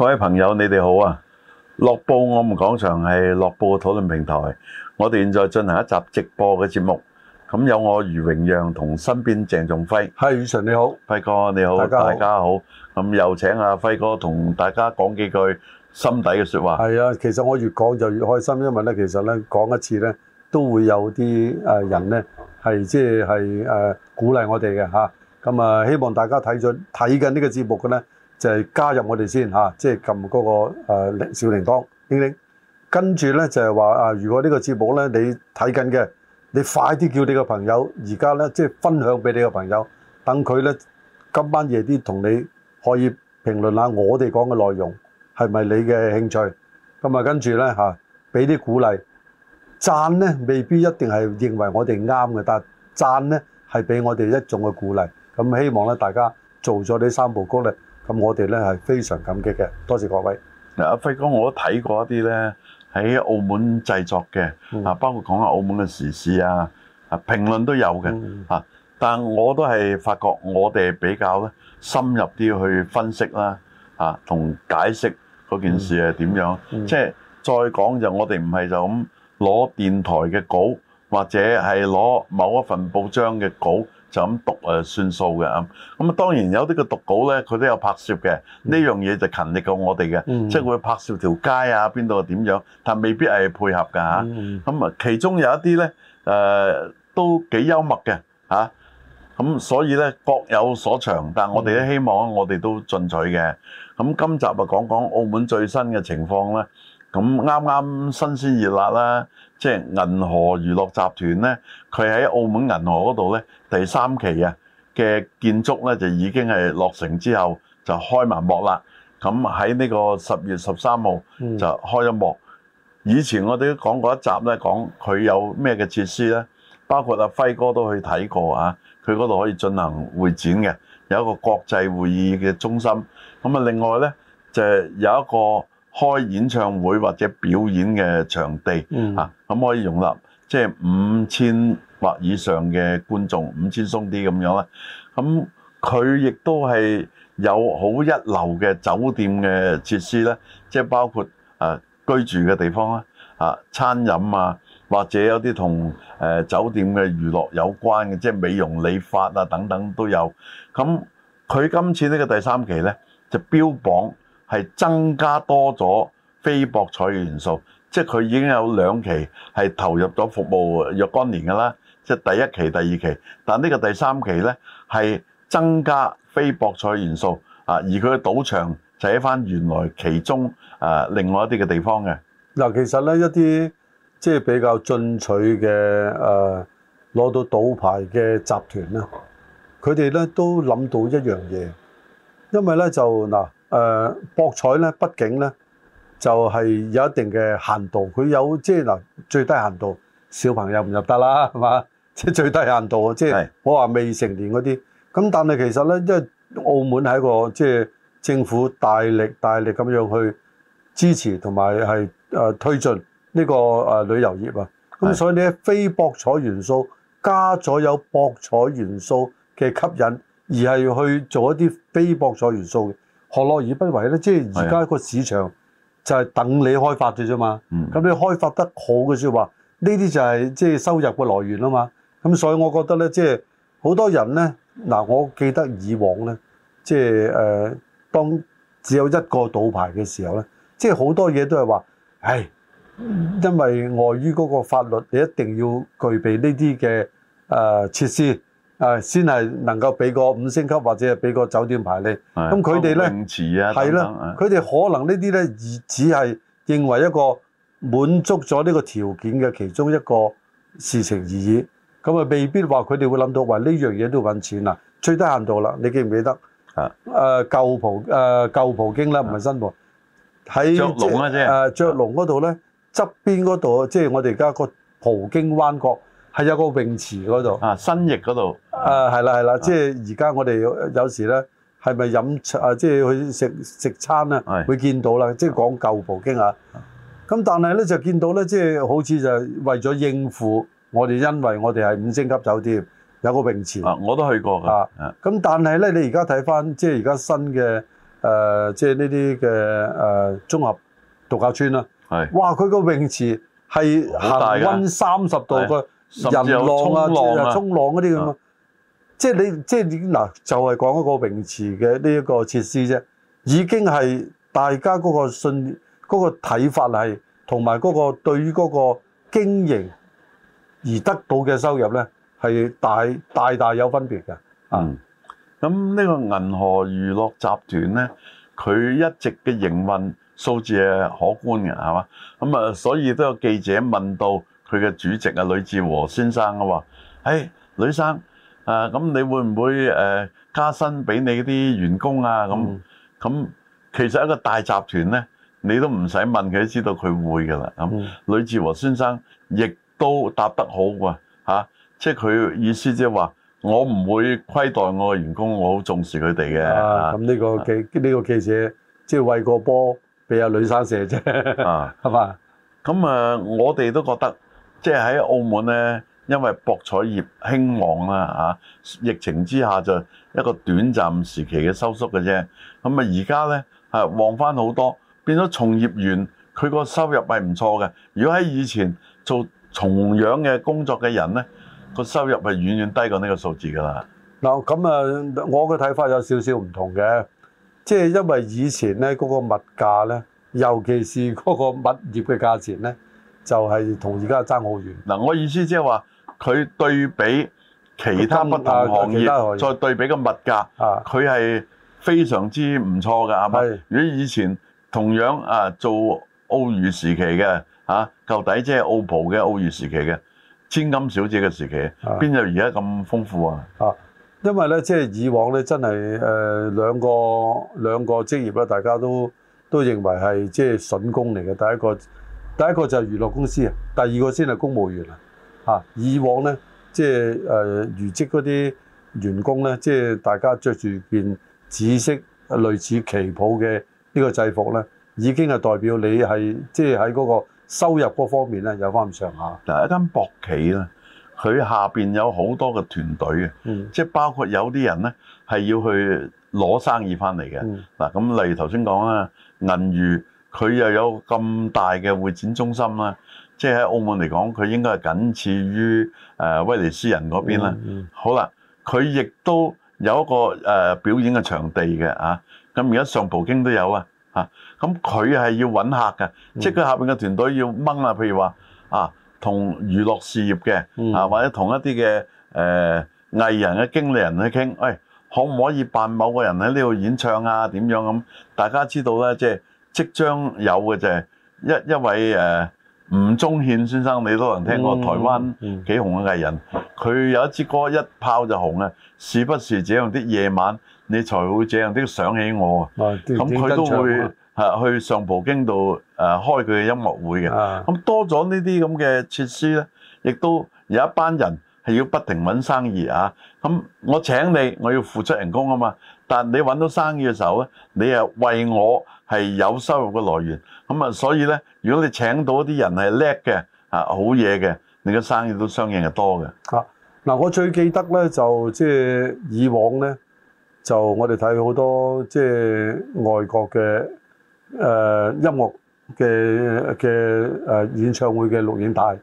各位朋友，你哋好啊！《樂報我們講場》係《樂報討論平台，我哋現在進行一集直播嘅節目。咁有我余榮讓同身邊鄭仲輝。係宇純你好，輝哥你好，大家好。咁又請阿輝哥同大家講幾句心底嘅說話。係啊，其實我越講就越開心，因為咧，其實咧講一次咧都會有啲誒人咧係即係誒鼓勵我哋嘅吓。咁啊，希望大家睇咗睇緊呢個節目嘅咧。就係加入我哋先嚇，即係撳嗰個小鈴鐺鈴哼哼，跟住呢，就係話啊，如果呢個節目呢，你睇緊嘅，你快啲叫你嘅朋友而家呢，即係分享俾你嘅朋友，等佢呢，今晚夜啲同你可以評論下我哋講嘅內容係咪你嘅興趣？咁啊，跟住呢，嚇、啊，俾啲鼓勵，讚呢，未必一定係認為我哋啱嘅，但係贊呢，係俾我哋一種嘅鼓勵。咁希望呢，大家做咗呢三步曲呢咁我哋咧係非常感激嘅，多謝各位。嗱，阿輝哥，我都睇過一啲咧喺澳門製作嘅，啊，包括講下澳門嘅時事啊，啊，評論都有嘅，嚇。但係我都係發覺，我哋比較深入啲去分析啦，嚇，同解釋嗰件事係點樣。即係再講就我哋唔係就咁攞電台嘅稿，或者係攞某一份報章嘅稿。就咁讀算數嘅咁，咁啊當然有啲嘅讀稿咧，佢都有拍攝嘅，呢樣嘢就勤力過我哋嘅、嗯，即係會拍攝條街啊，邊度點樣，但未必係配合㗎。嚇、嗯。咁啊，其中有一啲咧、呃、都幾幽默嘅嚇，咁、啊、所以咧各有所長，但我哋都、嗯、希望我哋都進取嘅。咁今集啊講講澳門最新嘅情況啦，咁啱啱新鮮熱辣啦。即係銀河娛樂集團咧，佢喺澳門銀河嗰度咧，第三期啊嘅建築咧就已經係落成之後就開埋幕啦。咁喺呢個十月十三號就開咗幕、嗯。以前我哋都講過一集咧，講佢有咩嘅設施咧，包括阿、啊、輝哥都去睇過啊。佢嗰度可以進行會展嘅，有一個國際會議嘅中心。咁啊，另外咧就有一個開演唱會或者表演嘅場地、嗯咁可以容納即係五千或以上嘅觀眾，五千鬆啲咁樣啦。咁佢亦都係有好一流嘅酒店嘅設施咧，即係包括誒居住嘅地方啦，啊餐飲啊，或者有啲同誒酒店嘅娛樂有關嘅，即係美容理髮啊等等都有。咁佢今次呢個第三期咧，就標榜係增加多咗非博彩元素。即係佢已經有兩期係投入咗服務若干年㗎啦，即係第一期、第二期。但呢個第三期咧係增加非博彩元素啊，而佢嘅賭場就喺翻原來其中啊另外一啲嘅地方嘅。嗱，其實咧一啲即係比較進取嘅誒攞到賭牌嘅集團咧，佢哋咧都諗到一樣嘢，因為咧就嗱誒、啊啊、博彩咧畢竟咧。就係、是、有一定嘅限度，佢有即係嗱最低限度，小朋友唔入得啦，係嘛？即係最低限度啊！即係我話未成年嗰啲。咁但係其實咧，因為澳門係一個即係政府大力大力咁樣去支持同埋係誒推進呢個誒旅遊業啊。咁所以咧，非博彩元素加咗有博彩元素嘅吸引，而係去做一啲非博彩元素嘅，何樂而不為咧？即係而家個市場。就係、是、等你開發嘅啫嘛，咁你開發得好嘅說話，呢啲就係即係收入嘅來源啊嘛。咁所以我覺得咧，即係好多人咧，嗱、啊，我記得以往咧，即係誒，當只有一個賭牌嘅時候咧，即係好多嘢都係話，係因為礙於嗰個法律，你一定要具備呢啲嘅誒設施。誒，先係能夠俾個五星級或者係俾個酒店牌你。咁佢哋咧，係啦，佢哋、啊、可能這些呢啲咧而只係認為一個滿足咗呢個條件嘅其中一個事情而已。咁啊，未必話佢哋會諗到喂，呢樣嘢都要揾錢啦。最低限度啦，你記唔記得？啊，誒舊葡誒、啊、舊葡京啦，唔係新葡喺誒雀龍嗰度咧，側邊嗰度即係我哋而家個葡京彎角。係有個泳池嗰度，啊新翼嗰度，啊係啦係啦，即係而家我哋有時咧係咪飲啊？即係、啊、去食食餐啊，會見到啦。即係講舊葡京啊，咁但係咧就見到咧，即係好似就係為咗應付我哋，因為我哋係五星級酒店，有個泳池。啊，我都去過㗎。咁、啊、但係咧，你而家睇翻即係而家新嘅誒，即係呢啲嘅誒綜合度假村啦。哇！佢個泳池係恆溫三十度嘅。沖浪啊、人浪啊，沖浪嗰啲咁啊，即係你即係嗱，就係、係、講一個泳池嘅呢一個設施啫，已經係大家嗰個信嗰、嗰個睇法係同埋嗰個對於嗰個經營而得到嘅收入咧，係大大大有分別嘅。嗯，咁呢個銀河娛樂集團咧，佢一直嘅營運數字係可觀嘅，係嘛？咁啊，所以都有記者問到。佢嘅主席啊，呂志和先生話：「誒、哎，呂生，咁、啊、你會唔會誒加薪俾你啲員工啊？咁、嗯、咁其實一個大集團咧，你都唔使問佢，都知道佢會㗎啦。咁、嗯，呂、嗯、志和先生亦都答得好喎、啊啊，即係佢意思即係話，我唔會虧待我嘅員工，我好重視佢哋嘅。咁、啊、呢、這個記呢、這個記者，即係喂個波俾阿呂生射啫，係嘛？咁啊， 啊呃、我哋都覺得。即係喺澳門呢，因為博彩業興旺啦，嚇、啊！疫情之下就一個短暫時期嘅收縮嘅啫。咁啊，而家呢，嚇、啊、旺翻好多，變咗從業員佢個收入係唔錯嘅。如果喺以前做同樣嘅工作嘅人呢，個收入係遠遠低過呢個數字噶啦。嗱、嗯，咁啊，我嘅睇法有少少唔同嘅，即、就、係、是、因為以前呢，嗰個物價呢，尤其是嗰個物業嘅價錢呢。就係同而家爭好遠。嗱、啊，我意思即係話佢對比其他不同行業，業再對比個物價，佢、啊、係非常之唔錯㗎。係咪？如果以前同樣啊做澳娛時期嘅，嚇、啊，舊底即係澳葡嘅澳娛時期嘅千金小姐嘅時期，邊、啊、有而家咁豐富啊？啊，因為咧，即、就、係、是、以往咧，真係誒、呃、兩個兩個職業咧，大家都都認為係即係筍工嚟嘅，第一個。第一個就係娛樂公司啊，第二個先係公務員啊。嚇，以往咧，即係誒，餘職嗰啲員工咧，即、就、係、是、大家着住件紫色類似旗袍嘅呢個制服咧，已經係代表你係即係喺嗰個收入嗰方面咧有翻咁上下。嗱，一間博企咧，佢下邊有好多嘅團隊嘅、嗯，即係包括有啲人咧係要去攞生意翻嚟嘅。嗱、嗯，咁例如頭先講啦，銀娛。佢又有咁大嘅會展中心啦，即係喺澳門嚟講，佢應該係僅次於威尼斯人嗰邊啦。Mm -hmm. 好啦，佢亦都有一個表演嘅場地嘅啊。咁而家上葡京都有啊。咁佢係要揾客㗎，即係佢下面嘅團隊要掹啊。譬如話啊，同娛樂事業嘅啊，或者同一啲嘅誒藝人嘅經理人去傾，喂、哎，可唔可以扮某個人喺呢度演唱啊？點樣咁？樣大家知道咧，即係。即將有嘅就係一一位誒吳宗憲先生，你可能聽過台灣幾紅嘅藝人，佢有一支歌一炮就紅啊！時不時這樣啲夜晚，你才會這樣啲想起我啊！咁佢都會係去上葡京度誒開佢嘅音樂會嘅。咁多咗呢啲咁嘅設施咧，亦都有一班人係要不停揾生意啊！咁我請你，我要付出人工啊嘛。但你揾到生意嘅時候咧，你係為我。係有收入嘅來源，咁啊，所以咧，如果你請到啲人係叻嘅，啊，好嘢嘅，你嘅生意都相應係多嘅。啊，嗱，我最記得咧，就即係、就是、以往咧，就我哋睇好多即係、就是、外國嘅誒、呃、音樂嘅嘅誒演唱會嘅錄影帶，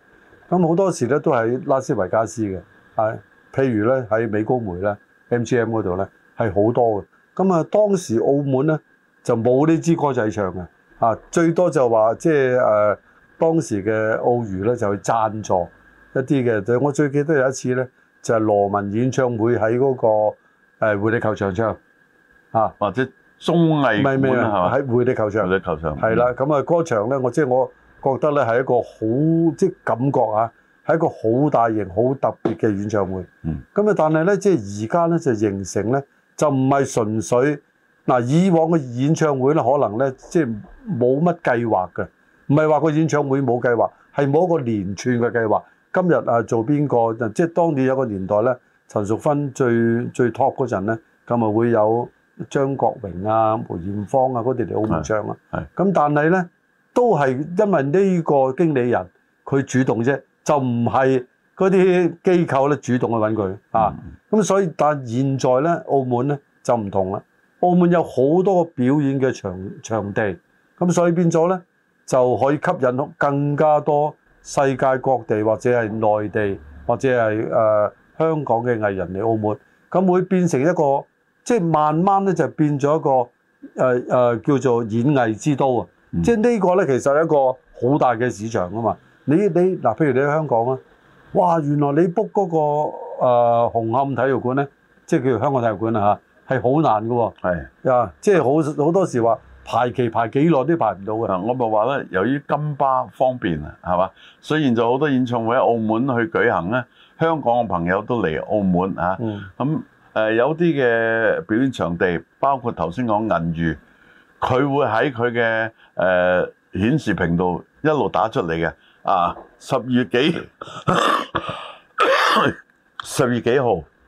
咁好多時咧都喺拉斯維加斯嘅，係，譬如咧喺美高梅咧，MGM 嗰度咧係好多嘅，咁啊，當時澳門咧。就冇呢支歌仔唱嘅，啊，最多就話即係誒當時嘅澳娛咧就去贊助一啲嘅。就我最記得有一次咧，就係、是、羅文演唱會喺嗰、那個、呃、匯利球場唱，啊，或、啊、者綜藝唔係唔係喺匯利球場，匯利球場係啦。咁啊，歌、嗯那個、場咧，我即係我覺得咧係一個好即、就是、感覺啊，係一個好大型、好特別嘅演唱會。嗯。咁啊，但係咧，即係而家咧就形成咧，就唔係純粹。嗱，以往嘅演唱會咧，可能咧即係冇乜計劃嘅，唔係話個演唱會冇計劃，係冇一個連串嘅計劃。今日啊，做邊個？即係當年有個年代咧，陳淑芬最最 top 嗰陣咧，咁啊會有張國榮啊、梅艷芳啊嗰啲嚟澳門唱啦。咁但係咧，都係因為呢個經理人佢主動啫，就唔係嗰啲機構咧主動去揾佢、嗯、啊。咁所以但現在咧，澳門咧就唔同啦。澳門有好多表演嘅場地，咁所以變咗咧，就可以吸引更加多世界各地或者係內地或者係誒、呃、香港嘅藝人嚟澳門，咁會變成一個即係慢慢咧就變咗一個誒、呃呃、叫做演藝之都啊、嗯！即係呢個咧其實係一個好大嘅市場啊嘛！你你嗱、呃，譬如你喺香港啊，哇，原來你 book 嗰、那個誒、呃、紅磡體育館咧，即係叫香港體育館啊嚇係好難嘅喎，啊，即係好好多時話排期排幾耐都排唔到嘅。我咪話咧，由於金巴方便啊，係嘛，所以現在好多演唱會喺澳門去舉行咧，香港嘅朋友都嚟澳門啊。咁、啊、誒、啊、有啲嘅表演場地，包括頭先講銀娛，佢會喺佢嘅誒顯示屏度一路打出嚟嘅。啊，十月幾， 十月幾號？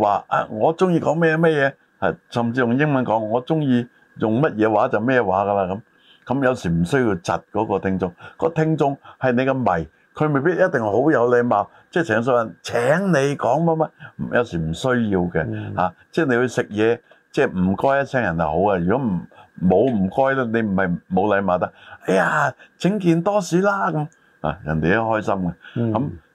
話啊，我中意講咩咩嘢，係甚至用英文講，我中意用乜嘢話就咩話噶啦咁。咁有時唔需要窒嗰個聽眾，個聽眾係你嘅迷，佢未必一定好有禮貌，即係成日人話請你講乜乜，有時唔需要嘅嚇、嗯啊。即係你去食嘢，即係唔該一聲人就好啊。如果唔冇唔該咧，你唔係冇禮貌得。哎呀，請件多士啦咁啊，人哋都開心嘅咁。嗯啊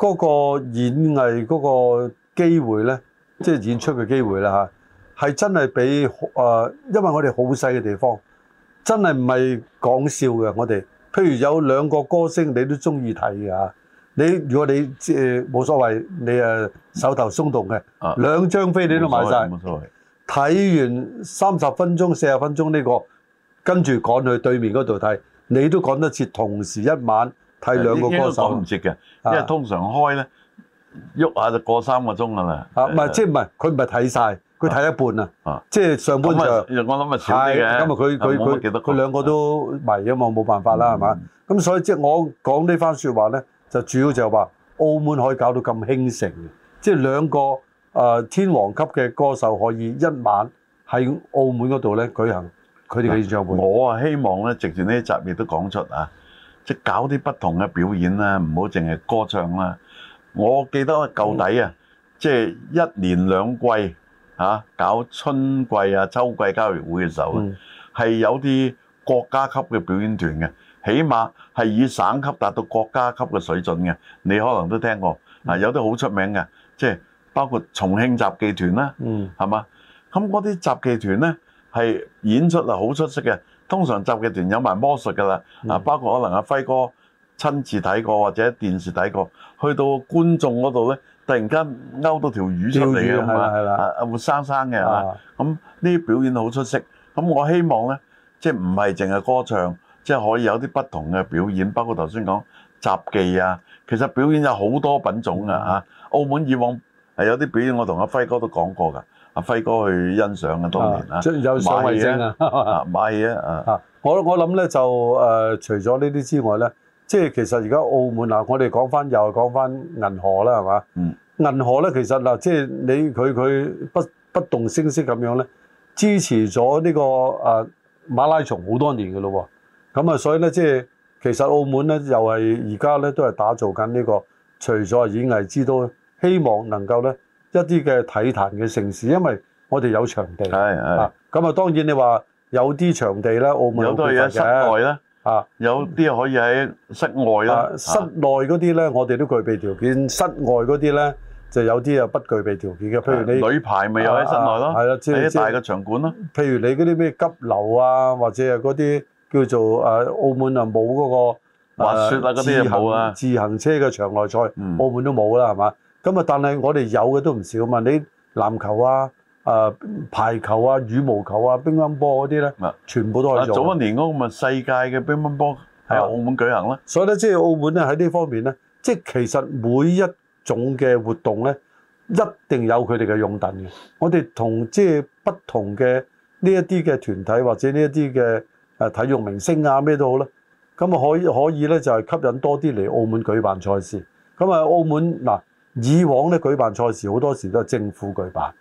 嗰個演藝嗰個機會咧，即係演出嘅機會啦嚇，係真係俾誒，因為我哋好細嘅地方，真係唔係講笑嘅。我哋譬如有兩個歌星，你都中意睇嘅嚇，你如果你即係冇所謂，你誒手頭鬆動嘅，兩張飛你都買晒，冇所謂，睇完三十分鐘、四十分鐘呢個，跟住趕去對面嗰度睇，你都趕得切，同時一晚。睇兩個歌手，唔接嘅，因為通常開咧，喐、啊、下就過三個鐘啦。啊，唔係，即係唔係，佢唔係睇晒，佢睇一半啊。啊，即係上半場。我諗咪少啲嘅。今日佢佢佢佢兩個都迷啊嘛，冇辦法啦，係嘛。咁所以即係我講呢番說話咧，就主要就話澳門可以搞到咁興盛，即係兩個誒、呃、天王級嘅歌手可以一晚喺澳門嗰度咧舉行佢哋嘅演唱會。啊、我啊希望咧，直住呢集亦都講出啊。即係搞啲不同嘅表演啦，唔好淨係歌唱啦。我記得舊底啊，即係一年兩季啊，搞春季啊、秋季交易會嘅時候，係有啲國家級嘅表演團嘅，起碼係以省級達到國家級嘅水準嘅。你可能都聽過嗱，有啲好出名嘅，即係包括重慶雜技團啦，係嘛？咁嗰啲雜技團呢。係演出啊，好出色嘅。通常雜技團有埋魔術噶啦，啊、嗯、包括可能阿輝哥親自睇過或者電視睇過，去到觀眾嗰度咧，突然間勾到條魚出嚟嘅，係啦，啊活生生嘅嚇。咁呢啲表演好出色。咁我希望咧，即係唔係淨係歌唱，即、就、係、是、可以有啲不同嘅表演，包括頭先講雜技啊。其實表演有好多品種嘅，啊嗯、澳門以往係有啲表演，我同阿輝哥都講過㗎。阿輝哥去欣賞嘅當年啦、啊，買嘢啊，買嘢啊！我我諗咧就誒、呃，除咗呢啲之外咧，即係其實而家澳門啊，我哋講返又係講返銀河啦，係嘛、嗯？銀河咧其實嗱，即係你佢佢不不動聲色咁樣咧，支持咗呢、這個誒、啊、馬拉松好多年嘅咯喎。咁啊，所以咧即係其實澳門咧，又係而家咧都係打造緊呢、這個，除咗係演藝之都，希望能夠咧。一啲嘅體壇嘅城市，因為我哋有場地。係係咁啊，當然你話有啲場地啦，澳門有。有都喺室內啦。啊，有啲可以喺室外啦、啊啊。室內嗰啲咧，我哋都具備條件，室外嗰啲咧，就有啲啊不具備條件嘅。譬如你女排咪有喺室內咯，啦、啊，即係即大嘅場館咯。譬如你嗰啲咩急流啊，或者係嗰啲叫做、啊、澳門啊冇嗰個滑雪啊嗰啲冇啊，自行車嘅場外賽、嗯，澳門都冇啦，係嘛？咁啊！但係我哋有嘅都唔少嘛。你籃球啊、啊排球啊、羽毛球啊、乒乓波嗰啲咧，全部都係做、啊。早一年嗰個世界嘅乒乓球喺澳門舉行啦。所以咧，即係澳門咧喺呢方面咧，即係其實每一種嘅活動咧，一定有佢哋嘅用等嘅。我哋同即係不同嘅呢一啲嘅團體或者呢一啲嘅誒體育明星啊咩都好啦。咁啊，可以可以咧就係吸引多啲嚟澳門舉辦賽事。咁啊，澳門嗱。以往咧舉辦賽事好多時都係政府舉辦，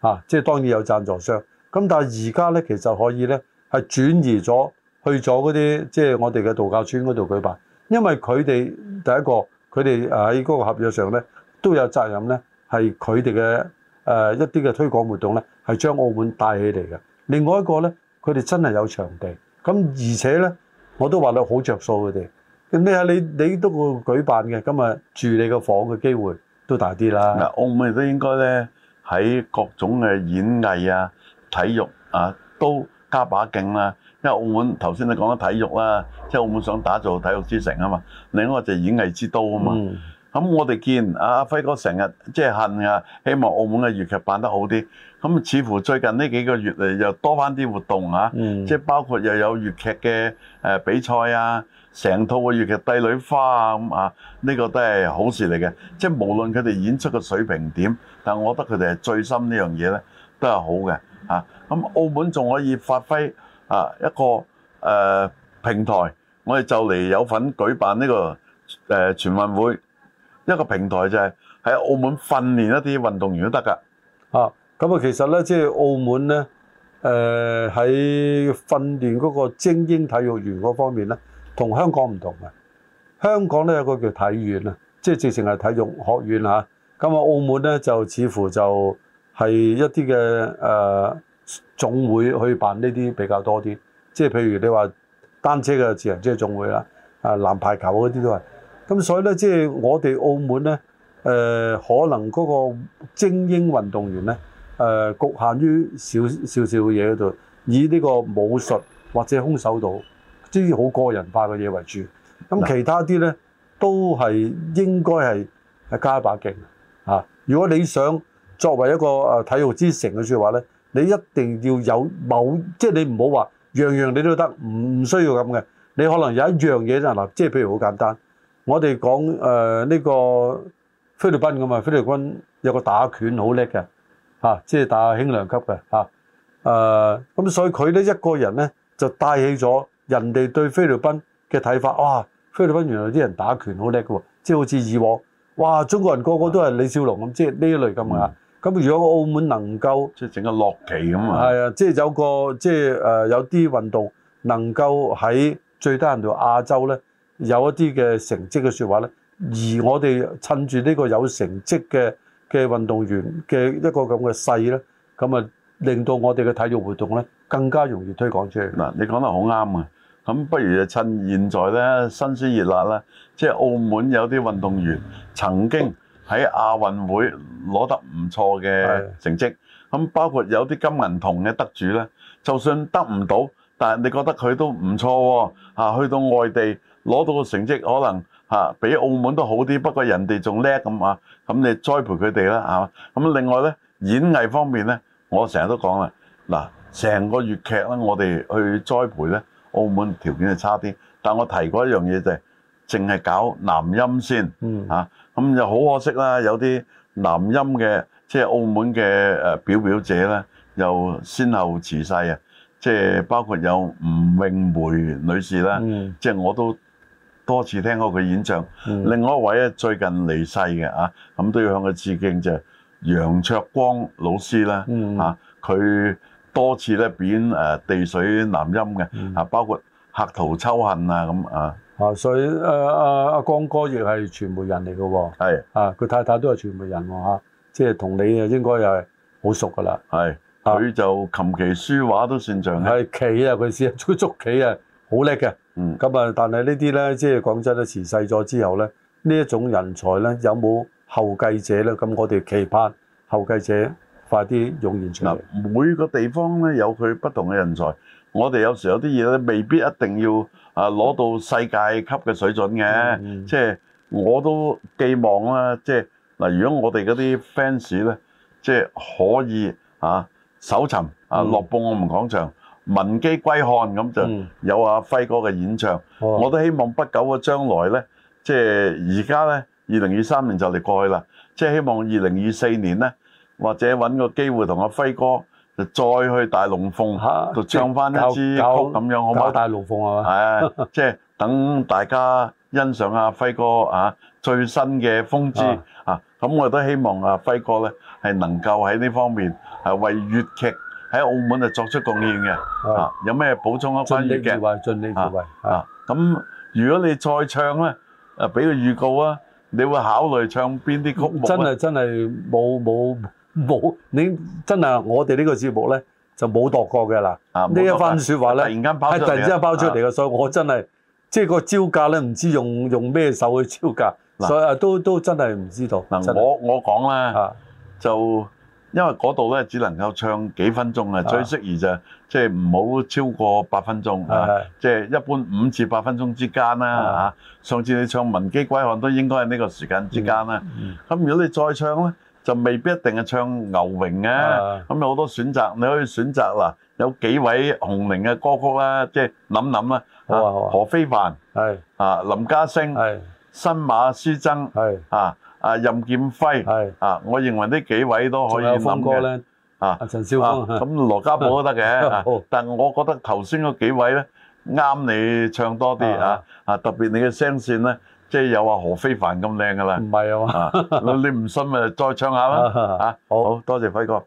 啊，即係當然有贊助商。咁但係而家咧其實可以咧係轉移咗去咗嗰啲即係我哋嘅度假村嗰度舉辦，因為佢哋第一個佢哋誒喺嗰個合約上咧都有責任咧係佢哋嘅誒一啲嘅推廣活動咧係將澳門帶起嚟嘅。另外一個咧佢哋真係有場地，咁而且咧我都話你好着數佢哋。咩你你都會舉辦嘅，今日住你個房嘅機會。都大啲啦。嗱，澳門都應該咧喺各種嘅演藝啊、體育啊都加把勁啦、啊。因為澳門頭先你講咗體育啦、啊，即係澳門想打造體育之城啊嘛。另一個就係演藝之都啊嘛。咁、嗯、我哋見阿阿、啊、輝哥成日即係恨啊，希望澳門嘅粵劇辦得好啲。咁似乎最近呢幾個月嚟又多翻啲活動啊，即、嗯、係包括又有粵劇嘅誒比賽啊，成套嘅粵劇《帝女花》啊咁啊，呢個都係好事嚟嘅。即係無論佢哋演出嘅水平點，但我覺得佢哋係醉心呢樣嘢咧，都係好嘅咁、啊、澳門仲可以發揮啊一個誒平台，我哋就嚟有份舉辦呢個誒全運會，一個平台就係喺澳門訓練一啲運動員都得㗎啊！咁啊，其實咧，即係澳門咧，誒喺訓練嗰個精英體育員嗰方面咧，同香港唔同嘅。香港咧有個叫體院啊，即係直情係體育學院嚇。咁啊，澳門咧就似乎就係一啲嘅誒總會去辦呢啲比較多啲。即係譬如你話單車嘅自行車總會啦，啊籃排球嗰啲都係。咁所以咧，即係我哋澳門咧，誒可能嗰個精英運動員咧。誒、呃、侷限於少少少嘅嘢嗰度，以呢個武術或者空手道，即係好個人化嘅嘢為主。咁其他啲咧，都係應該係係加把勁啊！如果你想作為一個誒體育之城嘅說話咧，你一定要有某，即係你唔好話樣樣你都得，唔需要咁嘅。你可能有一樣嘢就嗱，即係譬如好簡單，我哋講誒呢、呃呢個菲律賓㗎嘛，菲律賓有個打拳好叻嘅。嚇、啊，即係打輕量級嘅嚇，誒、啊、咁所以佢呢一個人呢，就帶起咗人哋對菲律賓嘅睇法，哇！菲律賓原來啲人打拳好叻嘅喎，即係好似以往，哇！中國人個個都係李小龍咁、啊，即係呢一類咁嘅。咁如果澳門能夠即整個落棋咁啊，係啊，即係有個即係、呃、有啲運動能夠喺最低限度亞洲呢有一啲嘅成績嘅説話呢。而我哋趁住呢個有成績嘅嘅運動員嘅一個咁嘅勢咧，咁啊令到我哋嘅體育活動咧更加容易推廣出去。嗱，你講得好啱啊，咁不如趁現在咧新鮮熱辣咧，即係澳門有啲運動員曾經喺亞運會攞得唔錯嘅成績，咁包括有啲金銀銅嘅得主咧，就算得唔到，但係你覺得佢都唔錯喎嚇，去到外地攞到個成績可能。嚇，比澳門都好啲，不過人哋仲叻咁啊！咁你栽培佢哋啦嚇。咁另外咧，演藝方面咧，我成日都講啦。嗱，成個粵劇咧，我哋去栽培咧，澳門條件係差啲。但我提過一樣嘢就係，淨係搞南音先。嗯。嚇，咁又好可惜啦，有啲南音嘅，即係澳門嘅誒表表者咧，又先後辭世啊。即係包括有吳詠梅女士啦，嗯。即係我都。多次聽過佢演唱，另外一位咧，最近離世嘅啊，咁、嗯、都要向佢致敬就係楊卓光老師啦。啊、嗯，佢多次咧演繹地水南音嘅啊，包括客途秋恨啊咁啊。啊，所以誒誒，阿光哥亦係傳媒人嚟嘅喎。係啊，佢太太都係傳媒人喎嚇，即係同你應該又係好熟㗎啦。係，佢就琴棋書畫都算上嘅。係棋啊，佢先捉棋啊，好叻嘅。咁啊！但係呢啲咧，即係講真咧，辭世咗之後咧，呢一種人才咧，有冇後繼者咧？咁我哋期盼後繼者快啲湧現出嚟。嗱，每個地方咧有佢不同嘅人才，我哋有時有啲嘢咧，未必一定要啊攞到世界級嘅水準嘅。即係我都寄望啦。即係嗱，如果我哋嗰啲 fans 咧，即係可以啊搜尋啊樂報我們講場。文姬歸漢咁就有阿輝哥嘅演唱，我都希望不久嘅將來咧，即係而家咧，二零二三年就嚟過去啦，即係希望二零二四年咧，或者揾個機會同阿輝哥就再去大龍鳳度唱翻一支曲咁樣，好大龍鳳係嘛？係即係等大家欣賞阿輝哥啊最新嘅風姿啊，咁我都希望阿輝哥咧係能夠喺呢方面係為粵劇。喺澳門就作出貢獻嘅，啊，有咩補充嘅觀點嘅？盡力而為，盡力而為。啊，咁如果你再唱咧，誒，俾個預告啊，你會考慮唱邊啲曲目？真係真係冇冇冇，你真係我哋呢個節目咧就冇度過嘅啦。啊，冇度過。呢一番說話咧，突然間爆突然之間爆出嚟嘅，所以我真係即係個招架咧，唔知用用咩手去招架，所以都都真係唔知道。我我講啦，就。因為嗰度咧只能夠唱幾分鐘啊，最適宜就即係唔好超過八分鐘啊，即係一般五至八分鐘之間啦嚇。上次你唱《文姬歸漢》都應該係呢個時間之間啦。咁如果你再唱咧，就未必一定係唱《牛榮》嘅。咁有好多選擇，你可以選擇嗱，有幾位紅伶嘅歌曲啦，即係諗諗啦。好啊，何非凡係啊，林家聲係，新馬師曾係啊。啊，任劍輝係啊，我認為呢幾位都可以。仲有峰哥咧啊，陳笑風，咁、啊、羅、啊、家寶都得嘅、 啊。但係我覺得頭先嗰幾位咧，啱你唱多啲啊 啊！特別你嘅聲線咧，即、就、係、是、有阿何非凡咁靚噶啦。唔係 啊嘛，你唔信咪再唱下啦啊！ 好，多謝輝哥。